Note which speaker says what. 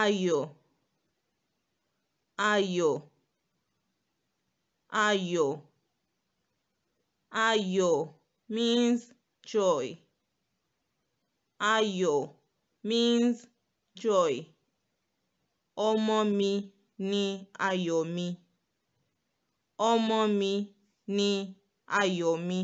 Speaker 1: ayọ̀ ayọ̀ ayọ̀ ayọ̀ means joy ayọ̀ means joy ọmọ mi ni ayọ̀ mi ọmọ mi ni ayọ̀ mi.